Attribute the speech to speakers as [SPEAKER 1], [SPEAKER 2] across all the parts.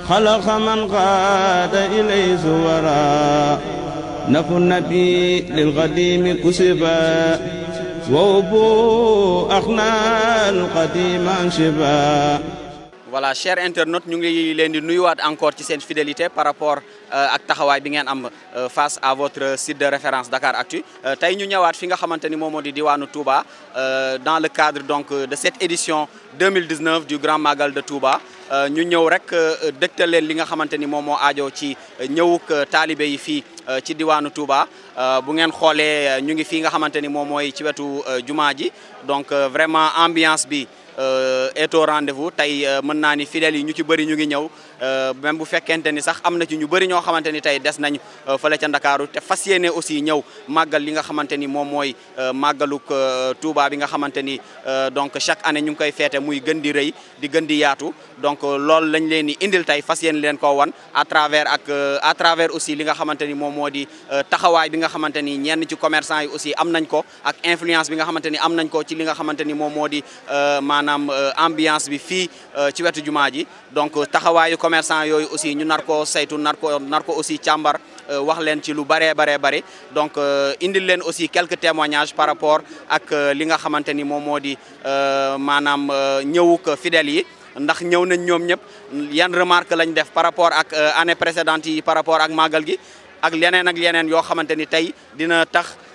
[SPEAKER 1] خلق من قاد إليه زورا نف النبي للقديم كسبا وابو أخنا القديم انشبا
[SPEAKER 2] voilà chers internautes ñu ngi nous di nuyuwaat encore ci seen fidélité par rapport euh, ak taxawaay bi ngeen am euh, face à votre site de référence Dakar Actu euh, Tay ñu ñëwaat fi nga xamante ni moom moo di Touba dans le cadre donc de cette édition 2019 du Grand Magal de Touba ñu ñëw rek dëgtal li nga xamante ni moom aajo ci ñëwuk talibé yi fi ci diwanu Touba bu ngeen xolé ñu ngi fi nga xamante ni moom ci wetu jumaa ji donc vraiment ambiance bi. Euh, est au rendez-vous tey euh, mën naa ni fidèles yi ñu ci bëri ñu ngi ñëw euh, même bu fekkente ni sax am na ci ñu bëri ñoo xamante ni tey des nañ fële ca Ndakaaru te fas yéene aussi ñëw màggal li nga xamante ni moom mooy màggaluk Touba bi nga xamante ni donc chaque année ñu ngi koy feete muy gën di rëy di gën di yaatu donc loolu lañ leen di indil tey fas yéene leen ko wan à travers ak à travers aussi li nga xamante ni moom moo di taxawaay bi nga xamante ni ñenn ci commerçant yi aussi am nañ ko ak influence bi nga xamante ni am nañ ko ci li nga xamante ni moom moo di manam euh, ambiance bi fi euh, ci wetu jumaaji donc euh, taxawayu commerçant yoy aussi ñu narko saytu narko narko aussi chambar wax len ci lu bare bare bare donc indil len aussi quelques témoignages par rapport ak li nga xamanteni mom modi manam di manam ñëwuk yi ndax ñew nañ ñom ñep yan remarque lañ def par rapport ak année précédente yi par rapport ak magal gi ak leneen ak yeneen yo xamanteni tay dina tax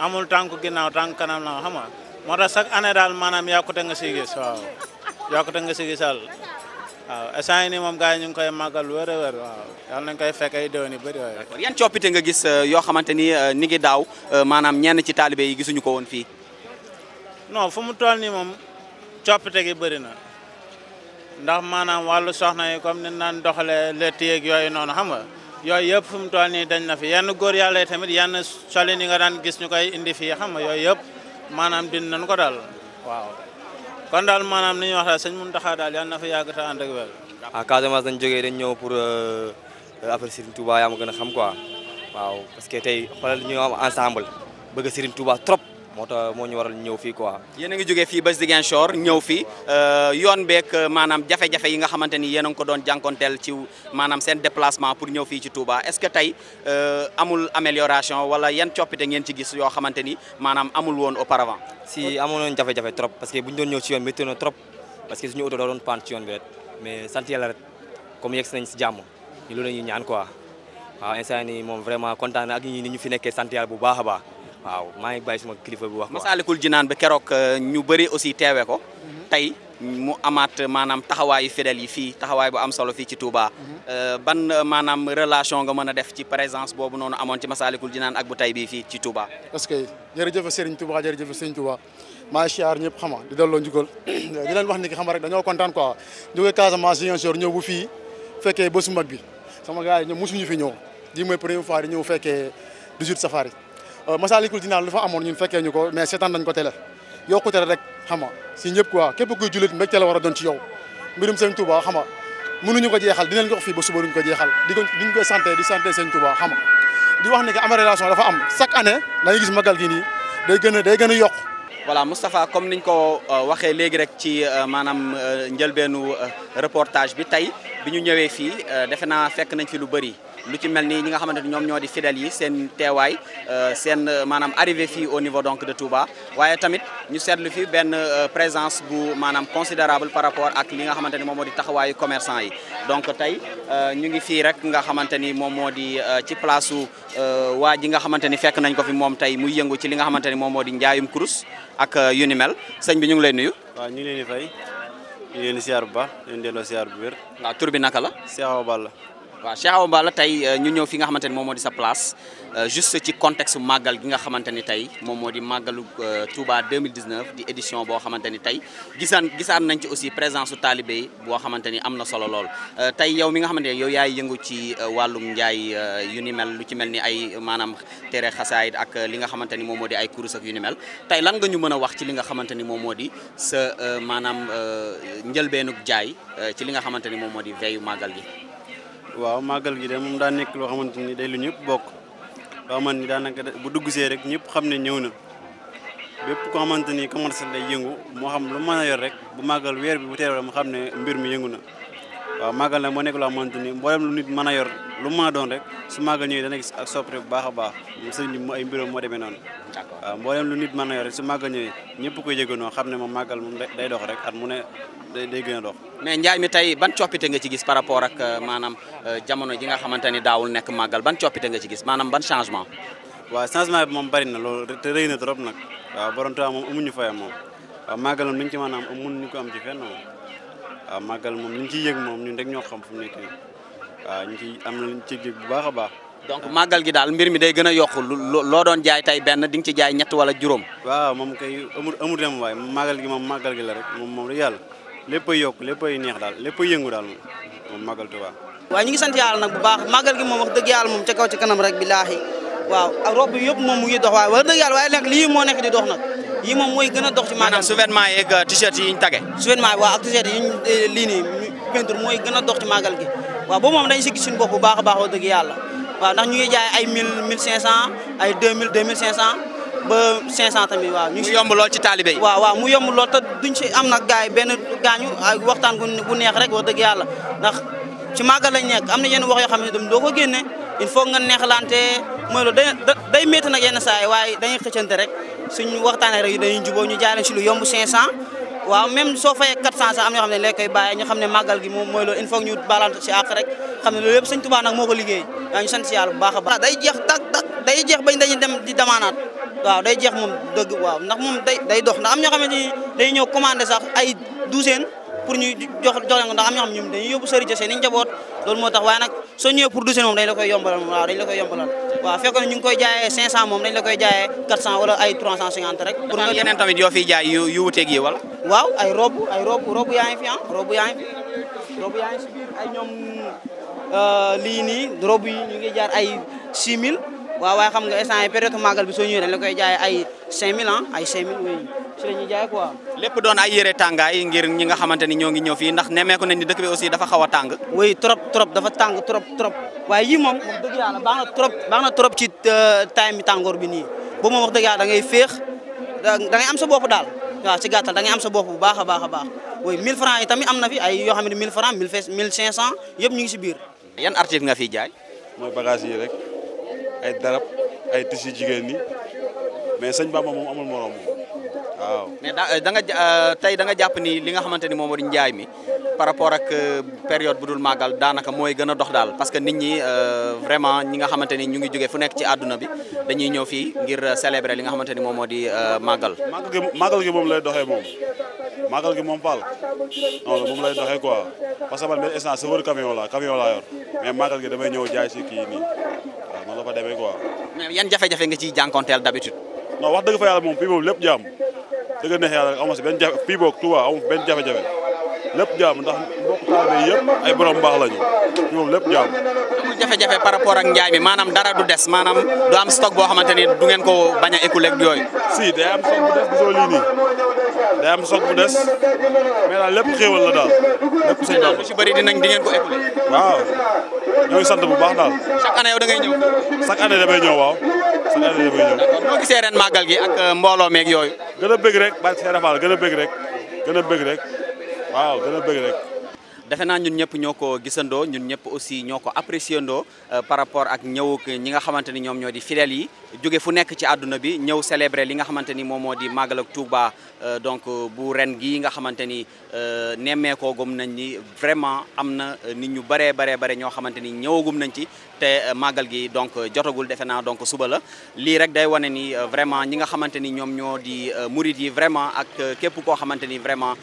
[SPEAKER 1] amul tanku ginaaw tank kanam la xam nga moo tax chaque année daal maanaam yokkute nga si gis waaw eh, yokkute nga si gisal waaw instant ni mom gaay ñu koy magal wëre a waaw yal nañu koy fekk ay déwén yu bëri waaye. yan
[SPEAKER 2] coppite nga gis yo xamanteni ni ngi daw eh, manam ñen ci talibé yi gisunu ko won fi
[SPEAKER 1] non fu mu toll ni mom coppite gi bari na ndax manam walu soxna yi comme ni nan doxale lett ak yoy non xam nga. yooyu yëpp fu mu toll nii dañ na fi yenn góor yàlla tamit yenn solin yi nga daan gis ñu koy indi fii xam nga yooyu yëpp maanaam din nañ ko daal waaw kon daal maanaam ni ñuy wax daal sëñ Mountakha daal yàlla na fa yàgg te ànd
[SPEAKER 3] ah, Casamance dañ jógee dañ ñëw pour euh,
[SPEAKER 2] affaire Serigne Touba yaa ma gën a xam quoi waaw parce que tey xoolal ñu am ensemble bëgg Serigne Touba trop. moto mo nyofi ñu waral ñew fi quoi. nga a fi bass fii ba ñew fi euh yoon beeg euh, manam jafe-jafe yi nga xamanteni ni nga ko doon jankontel ci manam sen déplacement pour ñew fi ci Touba est-ce que euh amul amélioration wala yeen ciopité ngeen ci gis yo xamanteni manam amul won auparavant.
[SPEAKER 3] si amul won jafe-jafe trop parce que buñ doon ñew ci yoon métti na trop
[SPEAKER 2] parce que suñu auto da doon paan ci yoon bi rek mais sant yalla rek comme yex nañ ci jamm ñu lu lañu ñaan quoi wa instant ni vraiment content na ak ñi ñu fi nekké sant yalla bu baaxa baax waaw maa ngi bàyyi sama kilifa bi wax ko Masaalikul Jinaan bi keroog euh, ñu bëri aussi teewe ko
[SPEAKER 3] mhm. tey
[SPEAKER 2] mu amaat maanaam taxawaayu fidèles yi fii taxawaay bu am solo fii ci Touba. Mhm. Euh, ban maanaam relation nga mën a def ci présence boobu noonu amoon ci Masaalikul Jinaan ak bu tey bi fii ci Touba.
[SPEAKER 1] parce que jërëjëf Serigne Touba jërëjëf Serigne Touba maa ngi ñëpp xama di delloo njugal di
[SPEAKER 2] leen wax ni ki xama rek dañoo kontaan ko jógee Casamance Ziguinchor ñëw bu fi fekkee bésu mag bi sama gars yi ñoom mosuñu fi ñëw lii mooy première fois di fekkee 18 safari Massalikul dina lu fa amone ñun fekke ñuko mais setan dañ ko télé ko télé rek xama si ñëpp quoi képp ko jullit mbégte la wara don ci yow mbirum seigne Touba xama mënu ñuko jéxal dinañ ko fi fii ba suba duñ ko jeexal di ko santé di santé seigne Touba xama di wax ni que am relation dafa am chaque année la dañuy gis magal gi ni day gëna day gëna yok yokk voilà Moustapha comme niñ ko waxé légui rek ci manam ndjelbenu reportage bi tay bi ñu ñëwee fii euh, defe naa fekk nañ fi lu bëri lu ci mel ni ñi nga xamante ni ñoom ñoo di fidèles yi seen teewaay euh, seen euh, maanaam arrivé fii au niveau donc de Touba waaye tamit ñu seetlu fi benn présence bu maanaam considérable par rapport ak li nga xamante ni moom moo di taxawaayu commerçant yi donc tey ñu ngi fii rek nga xamante ni moom moo di ci place u waa ji nga xamante ni fekk nañ ko fi moom tey muy yëngu ci li nga xamante ni moom moo di njaayum kurus ak yu ni sëñ bi ñu ngi nuyu ñu ngi di fay ñu leen siyaar bu baax leen delloo siyaar bu wér. waaw tur bi naka la. Cheikh Awa Balla. waaw Cheikh Awa Balla tey euh, ñu ñëw fi nga xamante ni moom moo di sa place euh, juste ci contexte màggal gi nga xamante ni tey moom moo di màggalu euh, Touba 2019 di édition boo xamante ni tey gisaan gisaan nañ ci aussi présence su taalibe yi boo xamante ni am na solo lool. tey yow mi nga xamante ne yow yaay yëngu ci wàllum njaay yu ni mel lu ci mel ni ay maanaam tere xasaayit ak li nga xamante ni moom moo di ay kurus ak yu ni mel tey lan nga ñu mën a wax ci li nga xamante ni moom moo di sa maanaam njëlbeenug jaay ci li nga xamante ni moom moo di veyu màggal gi.
[SPEAKER 1] waaw màggal gi de moom daa nekk loo xamante ni day lu ñëpp bokk loo man ni daanaka bu dugg rek ñëpp xam ne ñëw na bépp ko xamante ni commercial day yëngu moo xam lu mën a rek bu màggal weer bi bu teeroo mu xam ne mbir mi yëngu na waaw màggal nag moo nekk loo xamante ni mboolem lu nit mën a yor lu mu mën a doon rek su màggal ñëwee dana gis ak soppite bu baax a baax sëriñ bi ay mbiram moo demee noonu waaw mboolem lu nit mën a yor rek su màggal ñëwee ñëpp koy yëgandoo xam ne moom màggal moom day dox rek at mu ne
[SPEAKER 2] day gën a dox mais njaay mi tey ban coppite nga ci gis par rapport ak euh, maanaam euh, jamono ji nga xamante ni daawul nekk màggal ban coppite nga ci gis maanaam ban changement
[SPEAKER 1] waaw changement bi moom bari na loolu te rëy na trop nag waaw borom Tuubaa moom amuñu fayam moom waaw màggal moom niñu ci maanaam amun ñu ko am ci fenn moom waaw màggal moom li ñu yëg moom ñun rek ñoo xam fu nekk nii waaw ñu ciy
[SPEAKER 2] am bu baax a baax. donc màggal gi daal mbir mi day gën a yokk loo doon jaay tey benn di nga ci jaay ñett wala juróom.
[SPEAKER 1] waaw moom kay amul amul dem waaye màggal gi moom màggal gi la rek moom moom rek yàlla lépp a yokk lépp ay neex daal yëngu daal moom moom màggal Tuubaa. waaw ñu ngi sant yàlla nag bu
[SPEAKER 3] baax màggal gi moom wax dëgg yàlla moom ca kaw rek billaahi waaw a robe bi yëpp moom mu ngi dox waaye wax dëgg yàlla waaye nag lii moo nekk di dox nag yi moom mooy gën a dox ci maanaam sous-vêtement yeeg euh, t-shirt yi ñu tage sous-vêtement yi waaw ak t-shirt yi ñu euh, lii nii peinture mooy gën a dox ci màggal gi waaw boobu moom dañ si gis suñu bopp bu baax a baax wax dëgg yàlla waaw ndax ñu ngi jaay ay 1000 1500 ay 2000 2500 ba 500 waaw. ñu yomb lool ci taalibe yi. waaw waaw mu yomb lool te duñ si am nag gars yi benn gaañu ay waxtaan gu neex rek wa dëgg yàlla ndax ci màggal lañ nekk am na yenn wax yoo xam ne doo ko génne. il faut nga neexlante mooy loolu da day métti nag yenn saa yi waaye dañuy xëccante rek suñu waxtaanee rek dañuy jubóo ñu jaaree si lu yomb 500 waaw même soo fayee 400 sax am ñoo xam ne léegi koy ñu xam ne màggal gi moom mooy loolu il faut ñu balante si àq rek xam ne loolu yëpp sëñ Tuubaa nag moo ko liggéey waaw ñu sant si yàlla baax a baax day jeex tak tak day jeex bañ dañu dem di damaanaat waaw day jeex moom dëgg waaw ndax moom day day dox ndax am ñoo xamante ni day ñëw commandé sax ay douzaine pour ñu jox jox leen ko ndax am ñoo xam ñoom yóbbu sori seen i njaboot loolu moo tax waaye nag soo ñëwee pour douzaine moom dañ la koy yombalal waaw dañ la koy yombalal waaw fekk na ñu ngi koy jaayee 500 moom dañ la koy jaayee 400 wala ay 350 rek. pour nga yeneen
[SPEAKER 2] tamit yoo fiy yu wuteeg yi wala.
[SPEAKER 3] waaw ay robu ay robu robu yaa ngi ah, ñoom euh, lii nii robu yi ñu ngi jaar ay 6000 waaw waaye xam nga instant yi période màggal bi soo ñëwee dañ la koy jaay ay 5000 ah, ay 5000 oui si la ñu jaay quoi.
[SPEAKER 2] lépp doon ay yére yi ngir ñi nga xamante ni ñoo ngi ñëw fii ndax nemmeeku nañ ni dëkk bi aussi dafa xaw a tàng.
[SPEAKER 3] oui trop trop dafa tàng trop waaye yii moom wax dëgg yàlla baax na trop baax na trop ci euh, time bi tàngoor bi nii boo moom wax dëgg yàlla da ngay féex da am sa bopp daal waaw ci gàttal da am sa bopp bu baax a baax a baax oui 1000 francs yi tamit am na fi ay yoo xam ne 1000 francs 1500 yëpp ñu ngi si biir.
[SPEAKER 2] yan article nga mooy bagage yi ay darab ay tissu jigéen ñi mais sëñ Bamba moom amul morom moom waaw. mais da nga euh, tey da jàpp ni li nga xamante ni moom moo di njaay mi par rapport ak euh, période bu dul màggal daanaka mooy gën a dox daal parce que nit ñi euh, vraiment ñi nga xamante ni ñu ngi jóge fu nekk ci àdduna bi dañuy ñëw fii ngir célébrer li nga xamante ni moom moo di màggal.
[SPEAKER 1] màggal gi màggal moom lay doxee moom màggal gi moom Fall non moom
[SPEAKER 2] lay doxe quoi parce que man benn instant chauffeur camion la camion waaw la fa demee quoi. mais yan jafe-jafe nga ciy jànkonteel d'habitude. non wax dëgg fa yàlla moom fii boobu lépp jaam dëgg neex yàlla amu si benn jafe fii boobu Touba amu benn jafe-jafe lépp jaam ndax mbokk taalibe ay borom lañu amul par rapport ak njaay mi dara du du am stock boo xamante du ngeen ko bañ a écouler ak yooyu. si day am stock bu des gisoo lii nii day am stock bu mais la lu si dinañ di ngeen ko écouler waaw. ñoo ngi bu baax daal. chaque année yow da ngay ñëw. chaque année damay ñëw waaw chaque année damay ñëw. d'accord noo gisee gi ak euh, mbooloo meeg yooyu. gën a bëgg rek bàyyi Seydou Fall gën a bëgg rek gën a rek waaw gën a bëgg rek. defe naa ñun ñëpp ñoo ko gisandoo ñun ñëpp aussi ñoo ko apprécié euh, par rapport ak ñëwuk ñi nga xamante ni ñoom ñoo di fidèles yi jóge fu nekk ci àdduna bi ñëw célébrer li nga xamante ni moom moo di màggal ak Touba euh, donc euh, bu ren gii nga xamante ni nemmeekoogum nañ ni vraiment am na nit ñu baree baree bare ñoo xamante ni ñëwagum nañ ci te màggal gi donc jotagul defe naa donc suba la lii rek day wane ni vraiment ñi nga xamante ni ñoom ñoo di murid yi vraiment ak képp koo xamante ni vraiment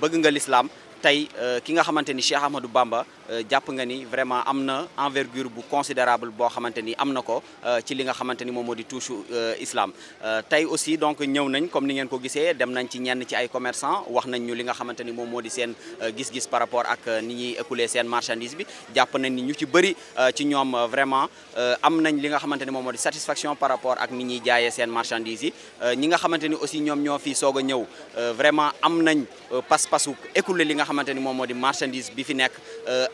[SPEAKER 2] bëgg nga l'islam tey euh, ki nga xamante ni Cheikh Ahmadou Bamba Euh, jàpp nga ni vraiment am na envergure bu considérable boo xamante ni am na ko euh, ci li nga xamante ni moom moo di touche euh, islam tey aussi donc ñëw nañ comme ni ngeen ko gisee dem nañ ci ñenn ci ay commerçant wax nañ ñu li nga xamante ni moom moo di seen gis-gis par rapport ak ni ñuy écouler seen marchandise bi jàpp nañ ni ñu ci bëri ci ñoom vraiment am nañ li nga xamante ni moom moo di satisfaction par rapport ak ni ñuy jaayee seen marchandise yi ñi nga xamante ni aussi ñoom ñoo fi soog a ñëw li nga xamante ni moom moo di marchandise bi fi nekk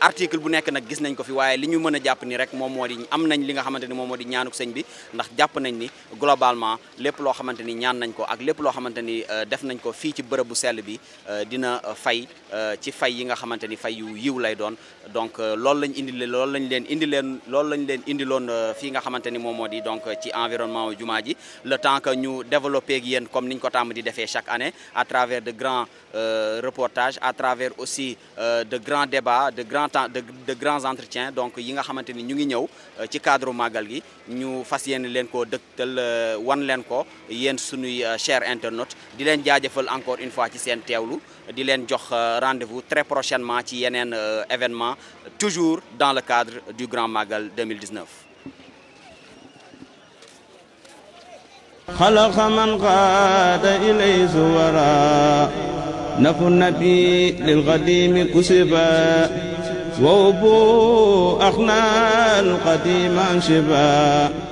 [SPEAKER 2] article bu nek nak gis nañ ko fi waye liñu mëna japp ni rek mom modi am nañ li nga xamanteni mom modi ñaanuk señ bi ndax japp nañ ni globalement lepp lo xamanteni ñaan nañ ko ak lepp lo xamanteni euh, def nañ ko fi ci bërëb bu sell bi euh, dina euh, fay ci fay yi nga xamanteni fay yu yiw lay doon donc loolu lañ indi loolu lañ leen indi leen loolu lañ leen indiloon fi nga xamanteni mom modi donc ci environnement jumaa ji le temps que ñu développer ak yeen comme niñ ko tam di défé chaque année à travers de grands reportages à travers aussi de grands débats de grands de de grands entretiens donc yi nga xamante ni ñu ngi ñëw euh, ci cadre màggal gi ñu faisons len euh, ko dektal wan len ko yeen suñuy euh, chers internautes di len encore une fois ci sen tewlu di len jox rendez-vous très prochainement ci yenen événement toujours dans le cadre du Grand Magal 2019
[SPEAKER 1] وابو أخنا القديم شبا